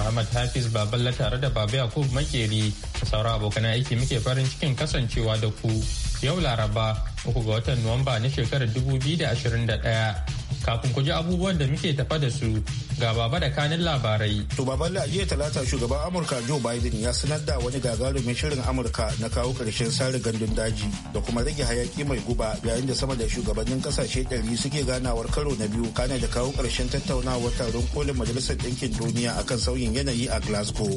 Muhammad Hafiz Baballa tare da babu Yakub Makeri da sauran abokan aiki muke farin cikin kasancewa da ku yau Laraba uku ga watan Nuwamba na shekarar 2021 kafin ku ji abubuwan da muke tafa da su ga baba da kanin labarai. To baban da jiya talata shugaban Amurka Joe Biden ya sanar da wani gagarumin shirin Amurka na kawo ƙarshen sare gandun daji da kuma rage hayaki mai guba yayin da sama da shugabannin kasashe ɗari suke ganawar karo na biyu kana da kawo ƙarshen tattaunawar taron kolin majalisar ɗinkin duniya akan sauyin yanayi a Glasgow.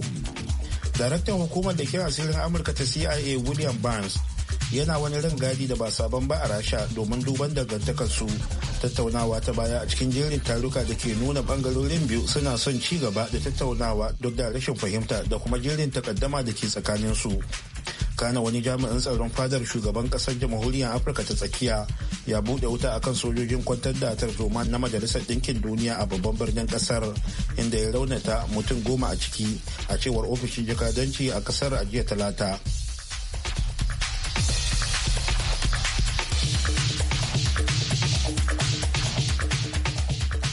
Daraktan hukumar da ke asirin Amurka ta CIA William Barnes yana wani rangadi da ba sabon ba a rasha domin duban dangantakarsu tattaunawa ta baya a cikin jerin taruka da ke nuna bangarorin biyu suna son ci gaba da tattaunawa duk da rashin fahimta da kuma jerin takaddama da ke tsakaninsu kana wani jami'in tsaron fadar shugaban kasar jamhuriyar afirka ta tsakiya ya bude wuta akan sojojin kwantar da tarzoma na majalisar ɗinkin duniya a babban birnin kasar inda ya raunata mutum goma a ciki a cewar ofishin jakadanci a kasar a jiya talata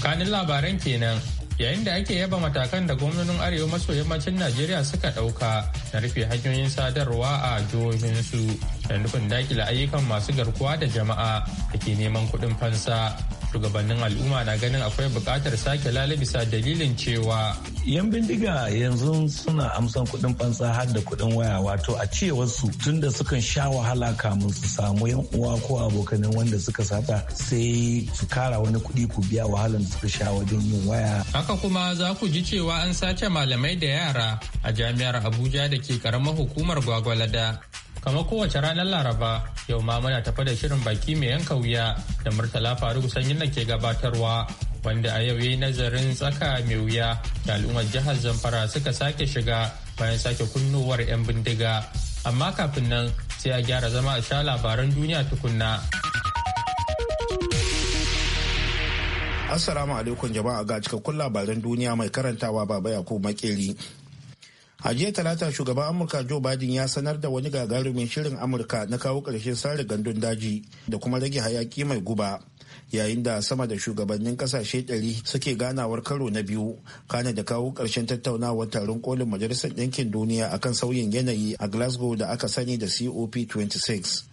kanin labaran kenan yayin da ake yaba matakan da gwamnonin arewa maso yammacin najeriya suka ɗauka na rufe hanyoyin sadarwa a jihohinsu da nufin dakila ayyukan masu garkuwa da jama'a da ke neman kuɗin fansa shugabannin al'umma na ganin akwai bukatar sake lale bisa dalilin cewa yan bindiga yanzu suna amsan kuɗin fansa har da kuɗin waya wato a cewar su tunda sukan sha wahala kamun su samu yan uwa ko abokanin wanda suka saba sai su kara wani kuɗi ku biya wahalar da suka sha wajen yin waya haka kuma za ku ji cewa an sace malamai da yara a jami'ar abuja da ke karamar hukumar gwagwalada kamar kowace ranar laraba yau ma muna tafa da shirin baki mai yanka wuya da murtala faru sanyin na ke gabatarwa wanda a yau yi nazarin tsaka mai wuya da al'ummar jihar zamfara suka sake shiga bayan sake kunnowar 'yan bindiga amma kafin nan sai a gyara zama a sha labaran duniya tukunna assalamu alaikum jama'a ga cikakkun labaran duniya mai karantawa baba yakubu makeri a jiya talata shugaban amurka joe biden ya sanar da wani gagarumin shirin amurka na kawo ƙarshen sare gandun daji da kuma rage hayaki mai guba yayin da sama da shugabannin kasashe ɗari suke ganawar karo na biyu kana da kawo ƙarshen tattaunawar taron kolin majalisar ɗinkin duniya akan sauyin yanayi a glasgow da aka sani da cop 26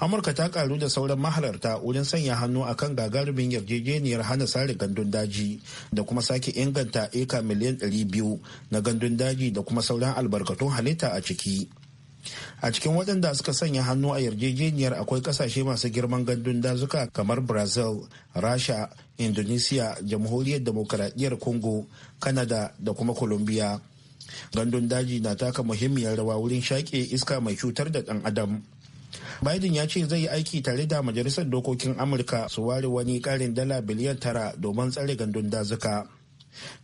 amurka ta karu da sauran mahalarta wajen sanya hannu a kan gagarumin yarjejeniyar hana sare gandun daji da kuma sake inganta eka miliyan 200 na gandun daji da kuma sauran albarkatun halitta a ciki a cikin waɗanda suka sanya hannu a yarjejeniyar akwai kasashe masu girman gandun dazuka kamar brazil rasha indonesia jamhuriyar demokaradiyyar congo canada da kuma colombia gandun daji na taka muhimmiyar rawa wurin shaƙe iska mai cutar da ɗan adam Biden ya ce zai yi aiki tare da Majalisar Dokokin Amurka su ware wani ƙarin dala biliyan tara domin tsare gandun dazuka.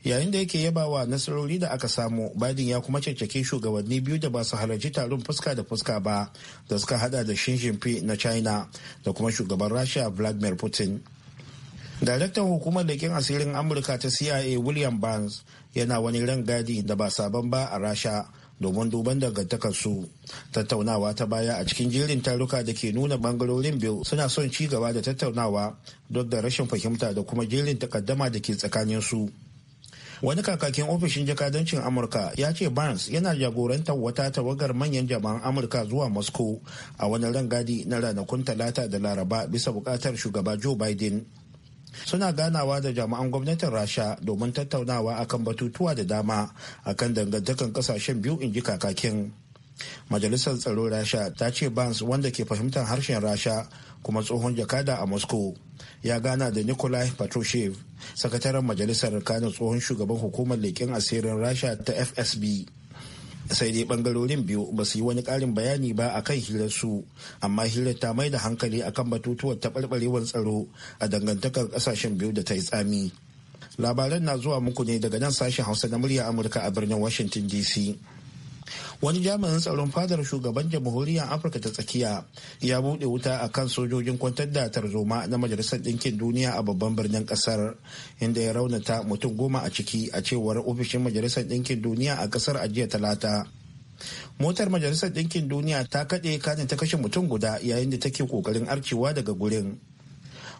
Yayin da yake yabawa nasarori da aka samu, Biden ya kuma caccake shugabanni biyu da ba su halarci taron fuska da fuska ba da suka hada da Xi Jinping na China da kuma shugaban Rasha Vladimir Putin. Daraktan hukumar leƙen asirin Amurka ta CIA William Burns yana wani ran gadi da ba sabon ba a Rasha domin duban dangantakarsu tattaunawa ta baya a cikin jerin taruka da ke nuna bangarorin biyu suna son ci gaba da tattaunawa duk da rashin fahimta da kuma jerin takaddama da ke tsakanin su. wani kakakin ofishin jakadancin amurka ya ce barnes yana jagorantar wata tawagar manyan jama'an amurka zuwa moscow a wani rangadi na ranakun talata da laraba bisa bukatar shugaba joe biden suna ganawa da jami'an gwamnatin rasha domin tattaunawa akan batutuwa da dama akan dangantakan kasashen biyu in ji kakakin majalisar tsaro rasha ta ce bans wanda ke fahimtar harshen rasha kuma tsohon jakada a moscow ya gana da nikolai patrushev sakataren majalisar kanin tsohon shugaban hukumar leƙen asirin rasha ta fsb sai dai bangarorin biyu ba su yi wani karin bayani ba a kan su amma hirar ta mai da hankali akan batutuwar taɓarɓarewar tsaro a dangantakar ƙasashen biyu da ta yi tsami labaran na zuwa muku ne daga nan sashen hausa na murya amurka a birnin washington dc wani jami'in tsaron fadar shugaban jamhuriyar afirka ta tsakiya ya buɗe wuta a kan sojojin kwantar da tarzoma na majalisar ɗinkin duniya a babban birnin ƙasar inda ya raunata mutum goma a ciki a cewar ofishin majalisar ɗinkin duniya a ƙasar a jiya talata motar majalisar ɗinkin duniya ta kaɗe kanin ta kashe mutum guda yayin da take ƙoƙarin arcewa daga gurin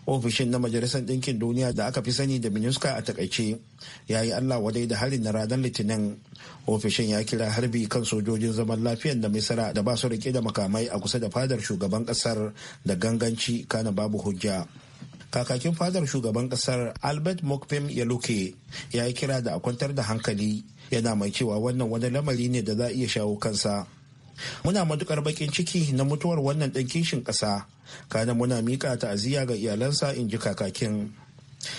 ofishin na majalisar ɗinkin duniya da aka fi sani da minuska a takaice ya yi allah wadai da harin na ranar litinin ofishin ya kira harbi kan sojojin zaman lafiyar da misira da ba su rike da makamai a kusa da fadar shugaban kasar da ganganci kana babu hujja kakakin fadar shugaban kasar albert mokpem yaluke ya yi kira da a kwantar da hankali yana mai cewa wannan wani lamari ne da za a iya shawo kansa muna matukar bakin ciki na mutuwar wannan ɗan kishin ƙasa kana muna mika ta'aziyya ga iyalansa in ji kakakin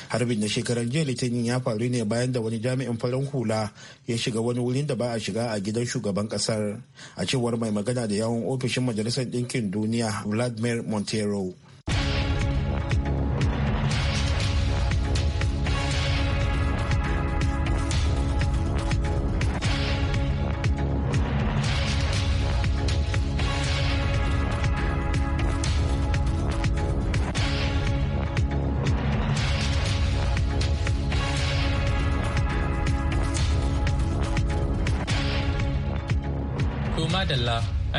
harbin na shekarar jiya litinin ya faru ne bayan da wani jami'in farin hula ya shiga wani wurin da ba a shiga a gidan shugaban kasar a cewar mai magana da yawon ofishin majalisar ɗinkin duniya vladimir montero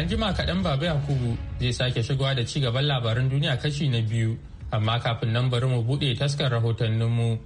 An jima kaɗan Baba Yakubu zai sake shigowa da ci gaban labaran duniya kashi na biyu, amma kafin nan bari mu buɗe taskar rahotanninmu.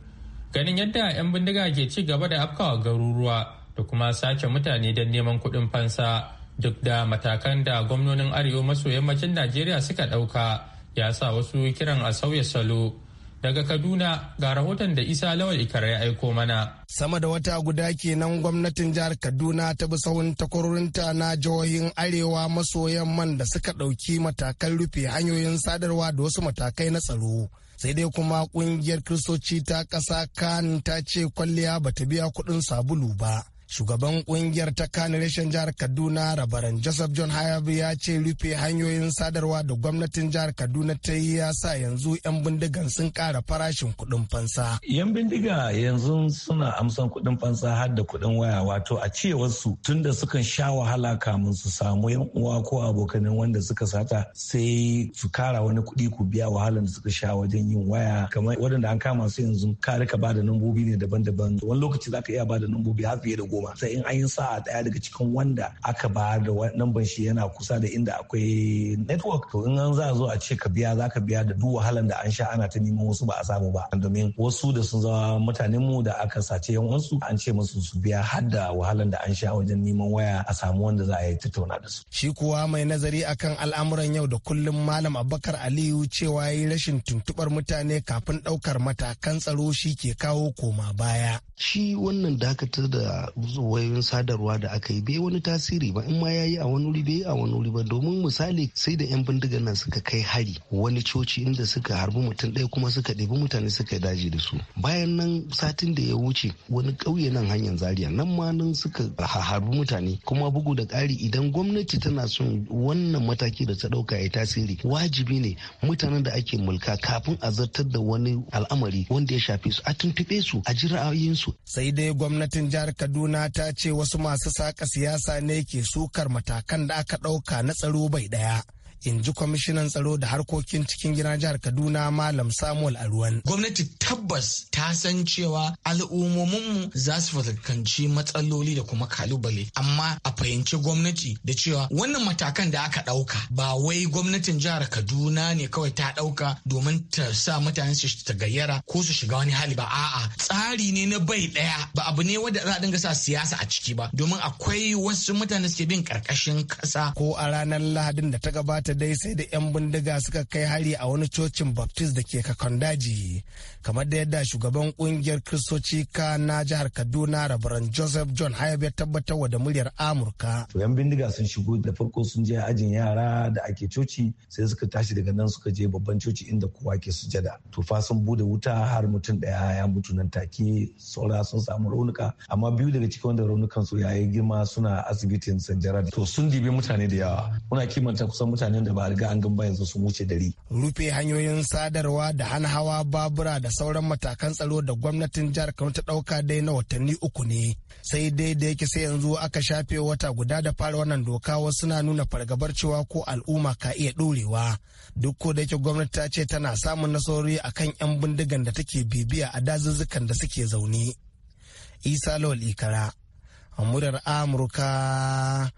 Ganin yadda 'yan bindiga ke ci gaba da afkawa garuruwa da kuma sake mutane don neman kuɗin fansa duk da matakan da gwamnonin arewa maso yammacin Najeriya suka ɗauka ya sa wasu kiran a sauya salo. Daga Kaduna ga rahoton da Isa Lawal Ikara ya aiko mana. Sama da wata guda kenan gwamnatin jihar Kaduna ta bi sahun takwarorinta na jihohin Arewa maso yamman da suka ɗauki matakan rufe hanyoyin sadarwa da wasu matakai na tsaro. sai dai kuma ƙungiyar kiristoci ta ƙasa kan ta ce kwalliya bata biya kuɗin sabulu ba shugaban kungiyar ta kani reshen jihar kaduna rabaran joseph john hayabu ya ce rufe hanyoyin sadarwa da gwamnatin jihar kaduna ta yi ya sa yanzu 'yan bindigan sun kara farashin kudin fansa yan bindiga yanzu suna amsan kudin fansa har da kuɗin waya wato a cewarsu tun da sukan sha wahala kamun su samu yan uwa ko abokanin wanda suka sata sai su kara wani kudi ku biya wahalar da suka sha wajen yin waya kamar waɗanda an kama su yanzu ka rika ba da nambobi ne daban-daban wani lokaci za ka iya ba da nambobi har fiye da goma sai in an yi sa'a daya daga cikin wanda aka ba da lambar shi yana kusa da inda akwai network to in an za zo a ce ka biya za ka biya da duk wahalan da an sha ana ta neman wasu ba a samu ba domin wasu da sun zama mutanen mu da aka sace yawansu wasu an ce musu su biya har da wahalan da an sha wajen neman waya a samu wanda za a yi tattauna da su shi kuwa mai nazari akan al'amuran yau da kullum malam abubakar aliyu cewa yi rashin tuntubar mutane kafin daukar matakan tsaro shi ke kawo koma baya shi wannan dakatar da wayoyin sadarwa da aka yi bai wani tasiri ba in ma ya yi a wani wuri bai a wani wuri ba domin misali sai da 'yan bindigar na suka kai hari wani coci inda suka harbi mutum ɗaya kuma suka ɗebi mutane suka daji da su bayan nan satin da ya wuce wani ƙauye nan hanyar zaria nan ma nan suka harbi mutane kuma bugu da ƙari idan gwamnati tana son wannan mataki da ta ɗauka ya tasiri wajibi ne mutanen da ake mulka kafin a zartar da wani al'amari wanda ya shafe su a tuntuɓe su a ji ra'ayoyinsu. sai dai gwamnatin jihar kaduna Kaduna ta ce wasu masu saƙa siyasa ne ke sukar matakan da aka ɗauka na tsaro bai ɗaya in ji kwamishinan tsaro da harkokin cikin gina jihar kaduna malam samuel aruwan gwamnati tabbas ta san cewa al'ummominmu za su fuskanci matsaloli da kuma kalubale amma a fahimci gwamnati da cewa wannan matakan da aka ɗauka ba wai gwamnatin jihar kaduna ne kawai ta ɗauka domin ta sa mutane su ta gayyara ko su shiga wani hali ba a'a tsari ne na bai ɗaya ba abu ne wanda za a dinga sa siyasa a ciki ba domin akwai wasu mutane suke bin ƙarƙashin ƙasa ko a ranar lahadin da ta gabata dai sai da 'yan bindiga suka kai hari a wani cocin baptist da ke daji kamar da yadda shugaban kungiyar kristoci ka na jihar kaduna rabaran joseph john hayab ya tabbatar wa da muryar amurka to 'yan bindiga sun shigo da farko sun je ajin yara da ake coci sai suka tashi daga nan suka je babban coci inda kowa ke sujada to fa sun bude wuta har mutum daya ya mutu nan take saura sun samu raunuka amma biyu daga cikin wanda raunukan su yayi girma suna asibitin sanjara to sun dibi mutane da yawa muna kimanta kusan mutane da ba riga an gan ba yanzu sun wuce dari. Rufe hanyoyin sadarwa da hana hawa babura da sauran matakan tsaro da gwamnatin jihar Kano ta ɗauka dai na watanni uku ne. Sai dai da yake sai yanzu aka shafe wata guda da fara wannan doka wasu na nuna fargabar cewa ko al'umma ka iya ɗorewa. Duk ko da yake gwamnati ta ce tana samun nasarori kan 'yan bindigan da take bibiya a dazuzzukan da suke zaune. Isa Lawal Ikara, murar Amurka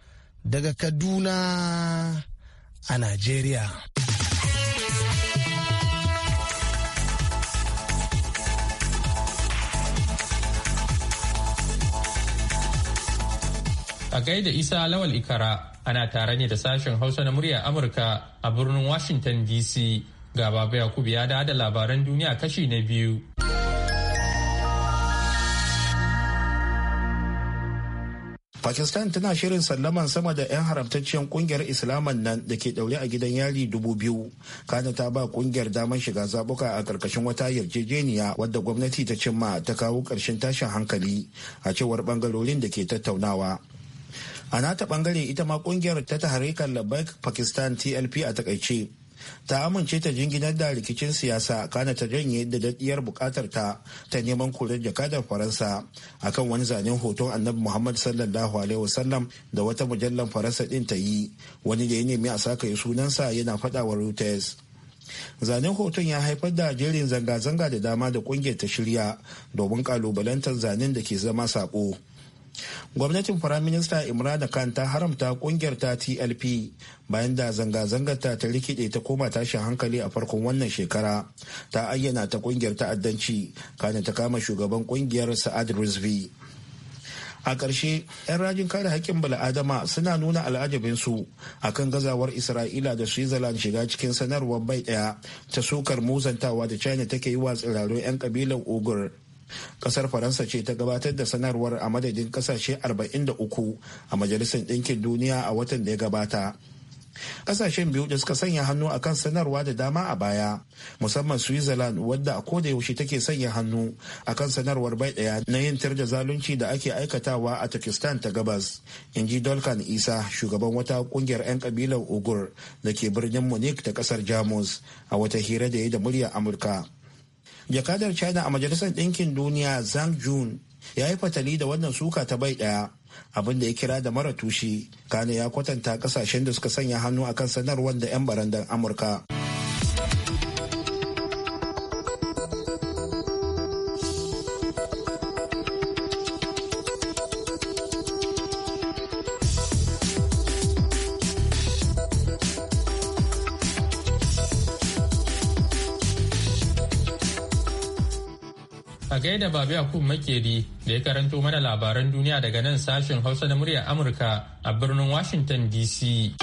daga Kaduna. a Najeriya. A gaida Isa Lawal Ikara ana tare ne da sashen Hausa na murya Amurka a birnin Washington DC. Ga Baba Yakubu ya da labaran duniya kashi na biyu. pakistan tana shirin sallaman sama da 'yan haramtacciyar kungiyar islaman nan da ke daure a gidan yari dubu biyu kana ta ba kungiyar damar shiga zabuka a karkashin wata yarjejeniya wadda gwamnati ta cimma ta kawo karshen tashin hankali a cewar bangarorin da ke tattaunawa a nata bangare ita ma kungiyar ta taharikar labbaik pakistan tlp a takaice ta amince ta jinginar da rikicin siyasa kana ta janye da daɗiyar bukatar ta ta neman korar jakadar faransa akan wani zanen hoton annabi muhammad sallallahu alaihi wasallam da wata mujallar faransa din ta yi wani da ya nemi a saka sunansa yana faɗa wa reuters zanen hoton ya haifar da jerin zanga-zanga da dama da kungiyar ta shirya domin kalubalantar zanen da ke zama sako. gwamnatin firaminista imrana khan ta haramta kungiyar ta tlp bayan da zanga-zangar ta ta rikide ta koma tashin hankali a farkon wannan shekara ta ayyana ta kungiyar ta'addanci kana ta kama shugaban kungiyar sa'ad rizvi a ƙarshe 'yan rajin kare haƙƙin bala'adama suna nuna al'ajabinsu a kan gazawar isra'ila da switzerland shiga cikin sanarwar bai ɗaya ta sukar muzantawa da china take yi wa tsirarun 'yan ƙabilar ogur kasar faransa ce ta gabatar da sanarwar a madadin kasashe 43 a majalisar ɗinkin duniya a watan da ya gabata kasashen biyu da suka sanya hannu akan sanarwa da dama a baya musamman switzerland wadda a koda yaushe take sanya hannu akan sanarwar bai daya na yin tar da zalunci da ake aikatawa a turkistan ta gabas in ji dolkan isa shugaban wata kungiyar 'yan kabilar ugur da ke birnin munich ta kasar jamus a wata hira da ya da muryar amurka jakadar china a majalisar ɗinkin duniya zhang jun ya yi fatali da wannan suka ta bai ɗaya abin da ya kira da mara tushe kane ya kwatanta kasashen da suka sanya hannu akan sanarwar da 'yan barandar amurka da Babu Yakub Makeri da ya karanto mana labaran duniya daga nan sashen Hausa na muryar Amurka a birnin Washington DC.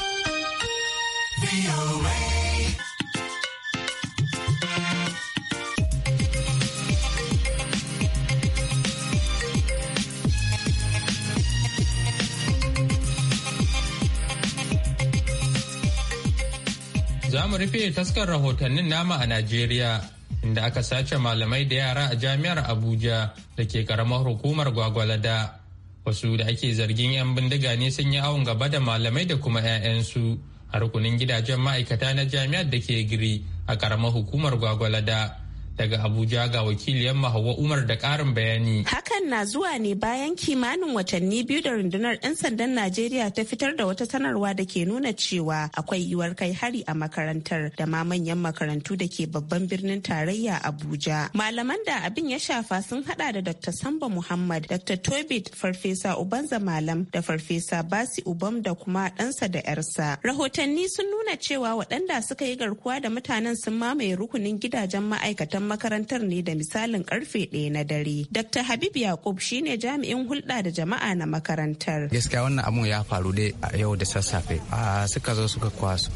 Za mu rufe taskar rahotannin nama a Najeriya inda aka sace malamai da yara a jami'ar abuja da ke karamar hukumar gwagwalada wasu da ake zargin 'yan bindiga ne sun yi awon gaba da malamai da kuma 'ya'yansu a rukunin gidajen ma'aikata na jami'ar da ke giri a karamar hukumar gwagwalada Daga Abuja ga wakiliyar Hauwa Umar da ƙarin bayani. Hakan na zuwa ne bayan kimanin watanni biyu da rundunar 'yan sandan Najeriya ta fitar da wata sanarwa da ke nuna cewa akwai yiwuwar kai hari a makarantar da ma manyan makarantu da ke babban birnin tarayya Abuja. Malaman da abin ya shafa sun hada da Dr. Samba Muhammad, Dr. Tobit Farfesa Ubanza Malam da Farfesa Basi Ubam da kuma ɗansa da 'yarsa. Rahotanni sun nuna cewa waɗanda suka yi garkuwa da mutanen sun mamaye rukunin gidajen ma'aikatan ɗaliban makarantar ne da misalin karfe ɗaya na dare. Dr. Habib Yakub shine jami'in hulɗa da jama'a na makarantar. Gaskiya wannan abun ya faru dai a yau da sassafe. suka zo suka kwaso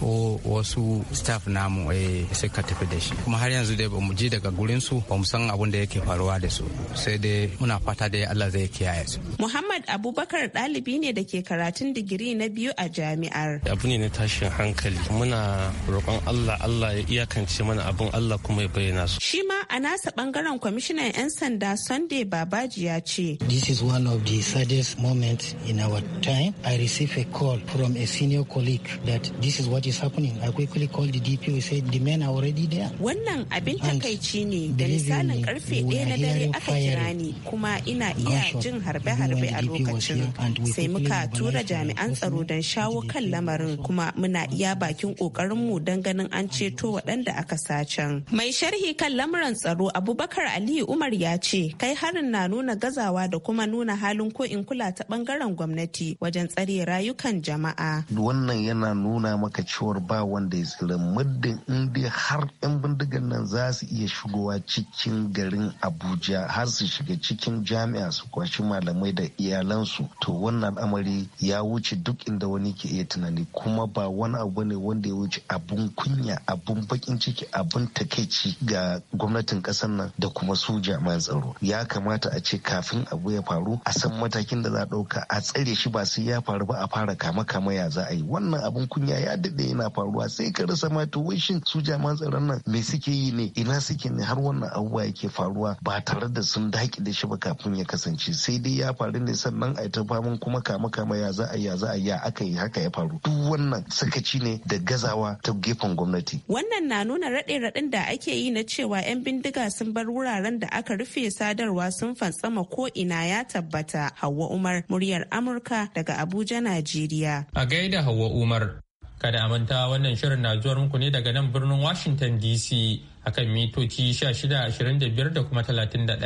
wasu staff namu eh, suka tafi da shi. Kuma har yanzu dai bamu je daga gurin su bamu san abun da yake faruwa da su. Sai dai muna fata dai Allah zai kiyaye su. Muhammad Abubakar ɗalibi ne da ke karatun digiri na biyu a jami'ar. Abu ne na tashin hankali. Muna roƙon Allah Allah ya iyakance mana abun Allah kuma ya bayyana su. Shi ma a nasa bangaren kwamishinan 'yan sanda Sunday Babaji ya ce. This is one of the saddest moments in our time. I received a call from a senior colleague that this is what is happening. I quickly called the dp we said the men are already there. Wannan abin takaici ne da misalin karfe ɗaya na dare aka kira ni kuma ina iya jin harbe-harbe a lokacin sai muka tura jami'an tsaro don shawo kan lamarin kuma muna iya bakin ƙoƙarinmu don ganin an ceto waɗanda aka sace Mai sharhi kan al'amuran tsaro Abubakar Aliyu Umar ya ce kai harin na nuna gazawa da kuma nuna halin ko in kula ta bangaren gwamnati wajen tsare rayukan jama'a. Wannan yana nuna maka cewar ba wanda ya tsira muddin in dai har 'yan bindigan nan za su iya shigowa cikin garin Abuja har su shiga cikin jami'a su kwashi malamai da iyalansu to wannan al'amari ya wuce duk inda wani ke iya tunani kuma ba wani abu ne wanda ya wuce abun kunya abun bakin ciki abun takaici ga gwamnatin ƙasar nan da kuma su jami'an tsaro ya kamata a ce kafin abu ya faru a san matakin da za a ɗauka a tsare shi ba sai ya faru ba a fara kama kama ya za a yi wannan abun kunya ya daɗe yana faruwa sai ka rasa ma to shin su jami'an tsaron nan me suke yi ne ina suke ne har wannan abubuwa yake faruwa ba tare da sun daƙi da shi ba kafin ya kasance sai dai ya faru ne sannan a ta faman kuma kama kama ya za a yi ya za a yi aka yi haka ya faru duk wannan sakaci ne da gazawa ta gefen gwamnati wannan na nuna raɗe raɗen da ake yi na cewa 'yan bindiga sun bar wuraren da aka rufe sadarwa sun fantsama ko ina ya tabbata. Hauwa Umar, muryar Amurka daga Abuja, Najeriya. A gaida Hauwa Umar. Kada manta wannan shirin na zuwar muku ne daga nan birnin Washington DC akan mitoci 1625 da kuma 31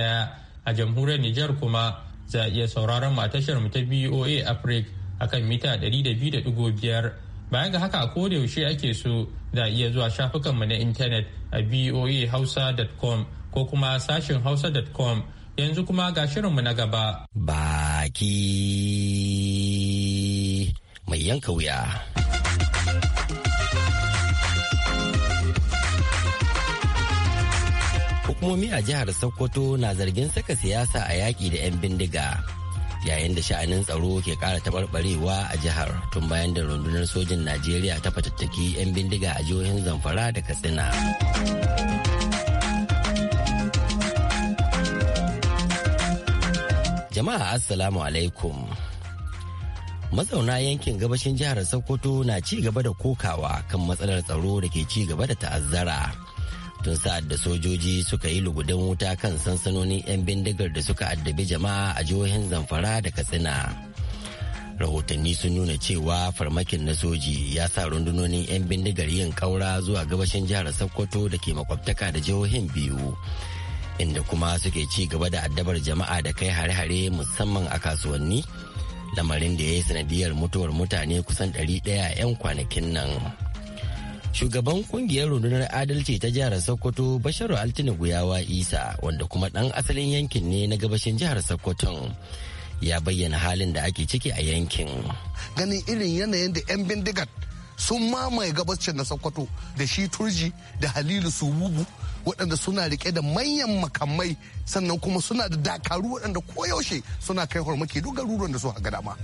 a jamhuriyar Nijar kuma za a iya sauraron mu a tashar mu ta BOA Africa akan mita 200.5 Baya ga haka a koda yaushe ake so za iya zuwa shafukanmu na intanet a voahausa.com ko kuma sashin hausa.com yanzu kuma ga shirinmu na gaba. Baki mai yanka wuya. Hukumomi a jihar Sokoto na zargin saka siyasa a yaƙi da 'yan bindiga. yayin da sha'anin tsaro ke kara tabarbarewa a jihar tun bayan da rundunar sojin najeriya ta fatattaki 'yan bindiga a jihohin zamfara da katsina jama'a assalamu alaikum mazauna yankin gabashin jihar sokoto na ci gaba da kokawa kan matsalar tsaro da ke ci gaba da ta'azzara tun sa'ad da sojoji suka yi lugudan wuta kan sansanonin 'yan bindigar da suka addabi jama'a a jihohin zamfara da katsina rahotanni sun nuna cewa farmakin na soji ya sa rundunonin 'yan bindigar yin kaura zuwa gabashin jihar sokoto da ke makwabtaka da jihohin biyu inda kuma suke ci gaba da addabar jama'a da kai hare-hare musamman a kasuwanni lamarin da ya yi sanadiyar mutuwar mutane kusan 100 'yan kwanakin nan. shugaban kungiyar rundunar adalci ta jihar sokoto basharu altini guyawa isa wanda kuma dan asalin yankin ne na gabashin jihar Sokoto ya bayyana halin da ake ciki a yankin ganin irin yanayin da 'yan bindigar sun mamaye gabashin na sokoto da shi turji da halilu su sububu waɗanda suna rike da manyan makamai sannan kuma suna da dakaru waɗanda koyaushe suna kai hormaki duk garuruwan da su ga dama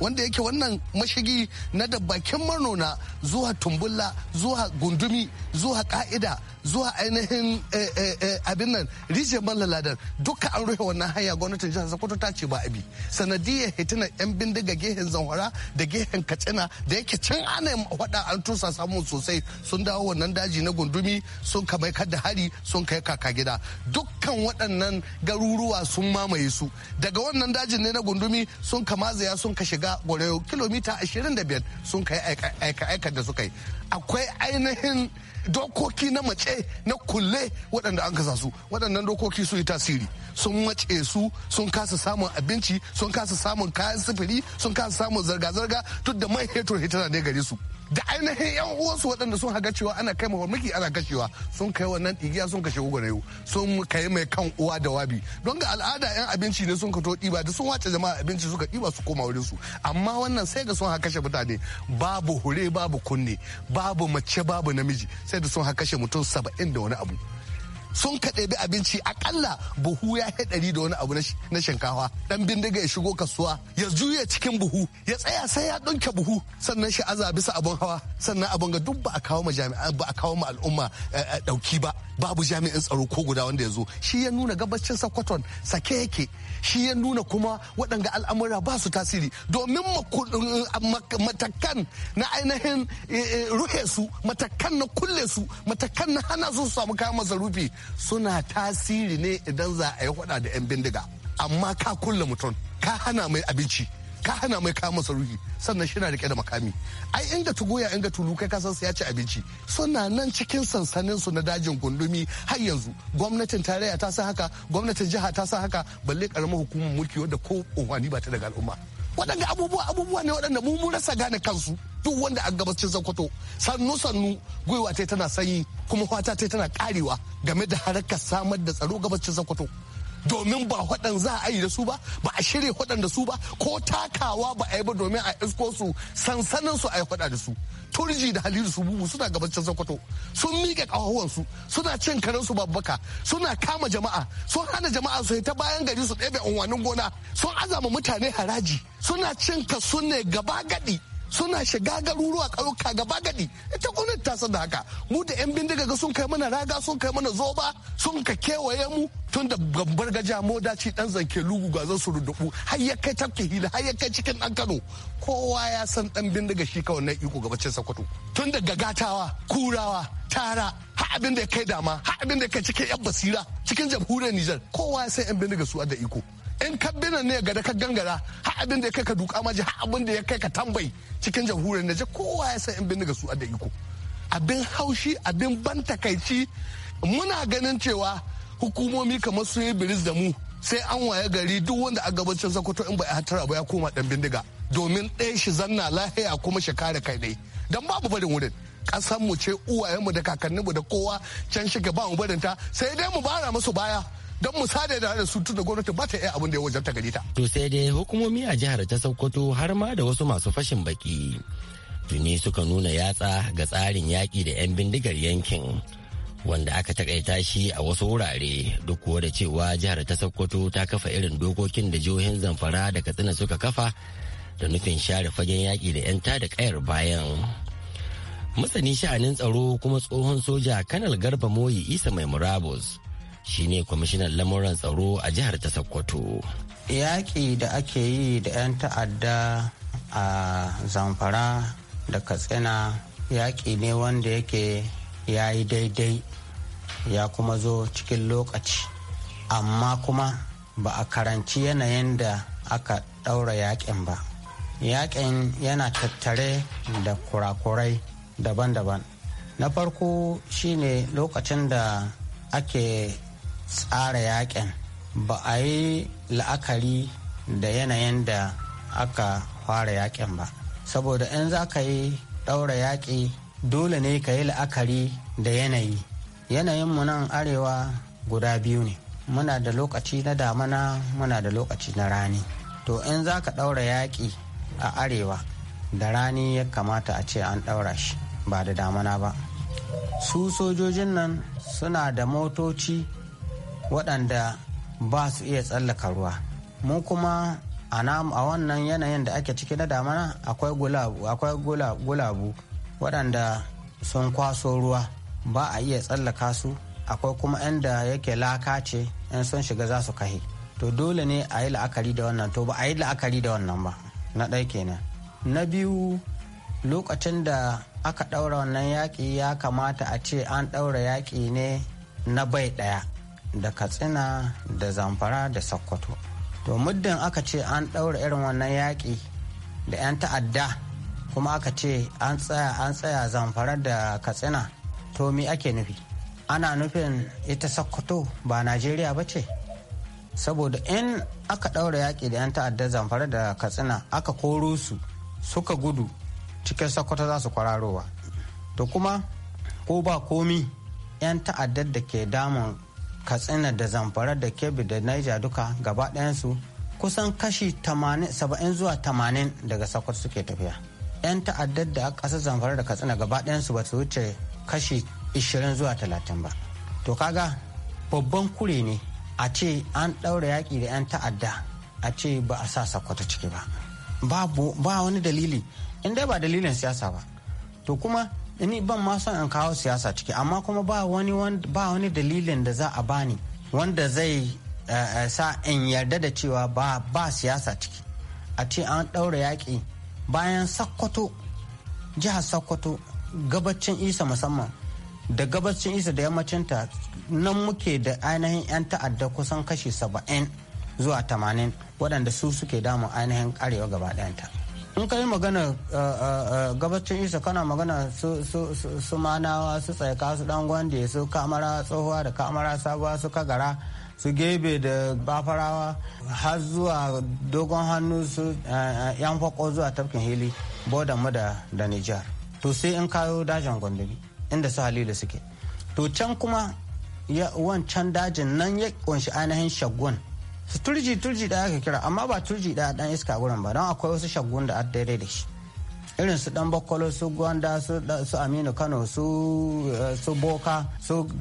wanda yake wannan mashigi na da bakin manona zuwa tumbulla zuwa gundumi zuwa ka'ida zuwa ainihin eh, eh, eh, abin nan rije mallaladar duka an rufe wannan hanya gwamnatin jihar sokoto ta ce ba abi sanadiyar hitina yan bindiga gehen zanwara da gehen katsina da yake can ana faɗa an tusa samun sosai sun dawo wannan daji na gundumi sun kamai kada hari kuɗi sun kai kaka gida dukkan waɗannan garuruwa sun mamaye su daga wannan dajin ne na gundumi sun kamazaya sun ka shiga gwareo kilomita 25 sun kai aika da suka yi akwai ainihin dokoki na mace na kulle waɗanda an kasa su waɗannan dokoki su yi tasiri sun mace su sun kasa samun abinci sun kasa samun kayan sufuri sun kasa samun zarga zarga duk da mai hetur hitana ne gare su da ainihin yan uwansu waɗanda sun haga cewa ana kai mahormaki ana kashewa sun kai wannan igiya sun kashe yau sun kai mai kan uwa da wabi don ga al'ada yan abinci ne sun kato ɗiba da sun wace jama'a abinci suka ɗiba su koma wurin su amma wannan sai da sun haka kashe mutane babu hure babu kunne babu mace babu namiji sai da sun haka kashe mutum saba'in da wani abu sun ka abinci akalla buhu ya yi ɗari da wani abu na shinkawa dan bindiga ya shigo kasuwa ya juya cikin buhu ya tsaya sai ya ɗunke buhu sannan shi aza bisa abun hawa sannan abun ga duk ba a kawo ma jami'an ba a kawo ma al'umma eh, eh, ɗauki ba babu jami'in tsaro ko guda wanda ya zo shi ya nuna gabacin sakwaton sake yake shi ya nuna kuma waɗanga al'amura ba su tasiri domin matakan na ainihin eh, ruhe su matakan na kulle su matakan na hana su samu kayan masarufi suna tasiri ne idan za a yi hada da 'yan bindiga amma ka kulle mutum ka hana mai abinci ka hana mai masa ruhi sannan shi na rike da makami ai inda tugoya inda tulu kai kasan ya ci abinci suna nan cikin sansanin su na dajin gundumi har yanzu gwamnatin tarayya ta san haka gwamnatin jiha ta sa haka balle karamar hukumar mulki wadda ko umarni ba ta daga al'umma waɗanda abubuwa abubuwa ne waɗanda mu mun rasa gane kansu duk wanda a gabacin sokoto sannu sannu gwiwa ta tana sanyi kuma fata ta tana karewa game da harkar samar da tsaro gabacin sokoto domin ba hudan za a yi da su ba ba a shirya waɗan da su ba ko takawa ba a yi ba domin a isko su sansanin su a yi hudan da su turji da halilu su bubu suna gabacin sokoto sun miƙe su suna cin karen su babbaka suna kama jama'a sun hana jama'a su ta bayan gari su ɗebe unwanin gona sun azama mutane haraji suna cin kasu ne gaba gadi suna shiga garuruwa ƙauyuka gaba gadi ita gwamnati ta san da haka mu da yan bindiga sun kai mana raga sun kai mana zoba sun ka kewaye mu tun da gambar gaja mo dan zanke lugu ga zan su rudubu har ya kai tafke hila har ya kai cikin dan Kano kowa ya san dan bindiga shi kawai na iko gabacin sakwato. tun da gatawa kurawa tara har abin da ya kai dama har abin da ya kai cikin yan basira cikin jamhuriyar Nijar kowa ya san yan bindiga su da iko in ka bina ne da ka gangara har abin da ya kai ka duka maji har abin da ya kai ka tambayi cikin jamhuriyar Nijar kowa ya san in bindiga su a da iko abin haushi abin ban takaici muna ganin cewa hukumomi kamar suyi yi biris da mu sai an waye gari duk wanda a gabacin sokoto in ba a hatara ba ya koma dan bindiga domin ɗaya shi zanna lahiya kuma shi kare kai dai dan babu barin wurin kasan mu ce uwayenmu da kakanninmu da kowa can shiga ba mu barinta sai dai mu bara musu baya don mu sada da su tun da gwamnati ba ta iya abin da ya wajen ta gari ta. To sai dai hukumomi a jihar ta Sokoto har ma da wasu masu fashin baki. Tuni suka nuna yatsa ga tsarin yaƙi da 'yan bindigar yankin. Wanda aka takaita shi a wasu wurare duk kuwa da cewa jihar ta Sokoto ta kafa irin dokokin da jihohin Zamfara da Katsina suka kafa da nufin share fagen yaƙi da 'yan tada kayar bayan. Masani sha'anin tsaro kuma tsohon soja Kanal Garba Moyi Isa Mai Murabus shine kwamishinan lamuran tsaro a jihar ta sokoto yaƙi da ake yi da 'yan ta'adda a zamfara da katsina yaƙi ne wanda yake ya yi daidai ya kuma zo cikin lokaci amma kuma ba a karanci yanayin da aka ɗaura yaƙin ba yaƙin yana tattare da kurakurai daban-daban na farko shine lokacin da ake tsara yaƙin ba a yi la'akari da yanayin da aka fara yaƙin ba saboda in za ka yi ɗaura yaƙi dole ne ka yi la'akari da yanayi yanayinmu nan arewa guda biyu ne muna da lokaci na damana muna da lokaci na rani to in za ka ɗaura yaƙi a arewa da rani ya kamata a ce an ɗaura shi ba da damana ba su sojojin nan suna da motoci waɗanda ba su iya tsallaka ruwa mu kuma a wannan yanayin da ake ciki na damana akwai gulabu waɗanda sun kwaso ruwa ba a iya tsallaka su akwai kuma inda yake laka ce in sun shiga za su kahe to dole ne a yi la'akari da wannan to ba a yi la'akari da wannan ba na ɗai kenan na biyu lokacin da aka ɗaura wannan yaƙi ya kamata a ce an ɗaura yaƙi ne na bai ɗaya da katsina da zamfara da sokoto to muddin aka ce an ɗaura irin wannan yaƙi da 'yan ta'adda kuma aka ce an tsaya an tsaya zamfara da katsina to me ake nufi ana nufin ita sokoto ba najeriya ba ce saboda in aka ɗaura yaƙi da 'yan ta'adda zamfara da katsina aka koro su suka gudu cikin sokoto za su kwararowa to kuma ko ba komi 'yan ta'addar da ke damun katsina da zamfara da kebbi da niger duka gaba ɗayansu kusan kashi 70 zuwa 80 daga sakwat suke tafiya yan ta'addar da ƙasar zamfara da katsina gaba ɗayansu ba su wuce kashi 20 zuwa 30 ba to kaga babban kure ne a ce an ɗaura yaƙi da yan ta'adda a ce ba a sa sakwata ciki ba ba wani dalili in dai ba dalilin siyasa ba to kuma ni ban ma son in kawo siyasa ciki amma kuma ba wani ba wani dalilin da za a bani wanda zai eh, eh, sa in yarda da cewa ba ba siyasa ciki a ce an ɗaura yaƙi bayan sakkwato jihar sakkwato gabacin isa musamman da gabacin isa da yammacinta nan muke da ainihin 'yan ta'adda kusan kashi 70 zuwa 80 waɗanda su suke damun ainihin arewa gaba ɗayanta. in ka yi magana gabacin isa kana magana su manawa su tsaika su dan gwande su kamara tsohuwa da kamara sabuwa su kagara su gebe da bafarawa har zuwa dogon hannu su yan fako zuwa tafkin hili bodan mu da nijar to sai in kayo dajin gwandari inda su halilu suke to can kuma wancan dajin nan ya kunshi ainihin shagun turji turji da aka kira amma ba turji da dan iska gurin ba don akwai wasu shagun da daidai da shi irin su dan bakwalo su gwanda su aminu kano su eh, boka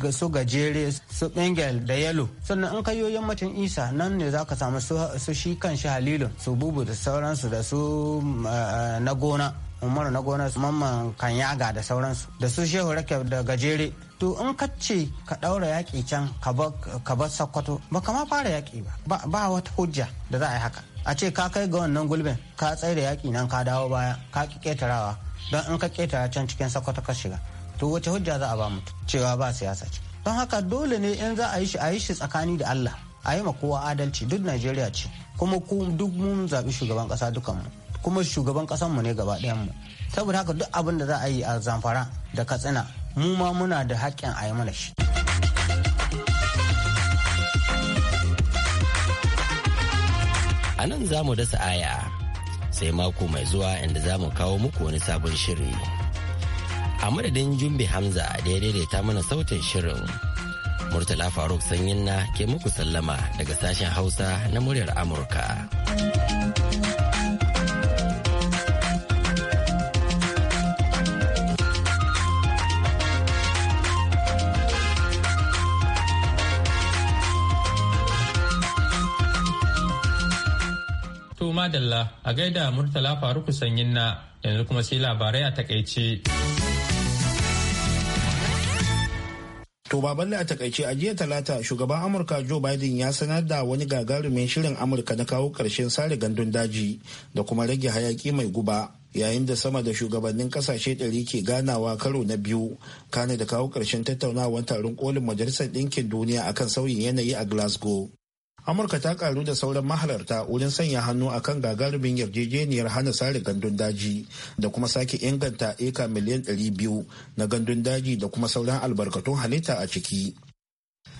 su gajere su bengal da yalo sannan in kayo yammacin isa nan ne za ka samu su shi kan shi halilu su bubu da sauransu da su eh, na gona umaru na gona su mamman kanyaga da sauransu da su shehu rake da gajere to in ka ce ka ɗaura yaƙi can ka bar sakkwato ba ma fara yaƙi ba ba wata hujja da za a yi haka a ce ka kai ga wannan gulbin ka tsaye da yaƙi nan ka dawo baya ka ki ƙetarawa don in ka ƙetara can cikin sakkwato ka shiga to wace hujja za a ba mu? cewa ba siyasa ce don haka dole ne in za a yi shi a yi shi tsakani da Allah a yi ma kowa adalci duk Najeriya ce kuma duk mun zaɓi shugaban ƙasa dukanmu kuma shugaban mu ne gaba mu saboda haka duk abin da za a yi a zamfara da katsina mu ma muna da haƙƙin a yi mana shi a nan za mu dasa aya sai mako mai zuwa inda za mu kawo muku wani sabon shiri a madadin jumbe hamza da ya daidaita mana sautin shirin murtala faruk sanyin na ke muku sallama daga sashen hausa na muryar amurka. madalla a gaida Murtala kusan Sanyin na yanzu kuma sai labarai a takaice. To baballe a takaice a jiya talata shugaban Amurka Joe Biden ya sanar da wani gagarumin shirin Amurka na kawo ƙarshen sare gandun daji da kuma rage hayaki mai guba yayin da sama da shugabannin kasashe ɗari ke ganawa karo na biyu kane da kawo ƙarshen tattaunawar taron kolin majalisar ɗinkin duniya akan sauyin yanayi a Glasgow. amurka ta karu da sauran mahalarta wurin sanya hannu a kan gagarumin yarjejeniyar hana sare gandun daji da kuma sake inganta eka miliyan 200 na gandun daji da kuma sauran albarkatun halitta a ciki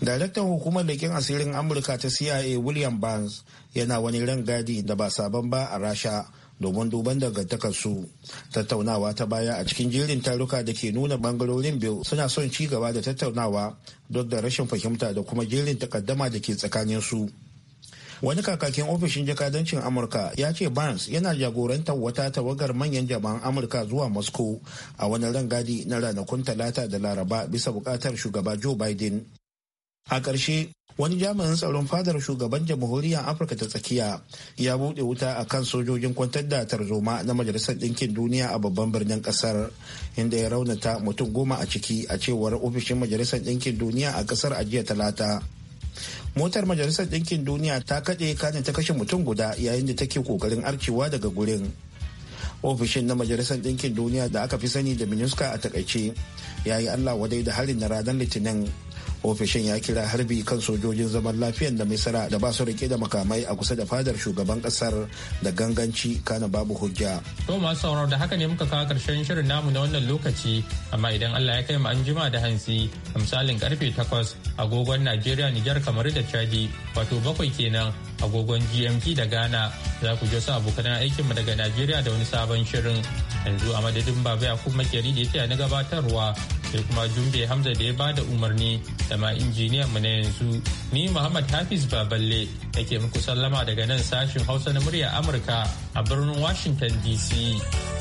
daraktan hukumar leƙen asirin amurka ta cia william barnes yana wani rangadi da ba sabon ba a rasha domin duban dangantakarsu tattaunawa ta baya a cikin jerin taruka da ke nuna bangarorin biyu suna son ci gaba da tattaunawa duk da rashin fahimta da kuma jerin takaddama da ke tsakanin su wani kakakin ofishin jakadancin amurka ya ce barnes yana jagorantar wata tawagar manyan jama'an amurka zuwa moscow a wani rangadi na ranakun talata da laraba bisa bukatar shugaba joe biden a ƙarshe wani jami'in tsaron fadar shugaban jamhuriyar afirka ta tsakiya ya buɗe wuta a kan sojojin kwantar da tarzoma na majalisar ɗinkin duniya a babban birnin ƙasar inda ya raunata mutum goma a ciki a cewar ofishin majalisar ɗinkin duniya a ƙasar a jiya talata motar majalisar ɗinkin duniya ta kaɗe kanin ta kashe mutum guda yayin da take ƙoƙarin arcewa daga gurin ofishin na majalisar ɗinkin duniya da aka fi sani da minuska a takaice ya yi allah wadai da harin na ranar litinin ofishin ya kira harbi kan sojojin zaman lafiyan da misira da ba su rike da makamai a kusa da fadar shugaban kasar da ganganci kana babu hujja to masu sauraro da haka ne muka kawo karshen shirin namu na wannan lokaci amma idan allah ya kai mu an jima da hansi a misalin karfe 8 agogon najeriya niger kamar da chadi wato bakwai kenan agogon gmt da ghana za ku je sa abokan mu daga najeriya da wani sabon shirin yanzu a madadin baba yakubu makeri da yake na gabatarwa sai kuma jumbe hamza da ya bada umarni da injiniyan mu na yanzu ni Muhammad Hafiz Baballe nake muku sallama daga nan sashin Hausa na murya Amurka a birnin Washington DC.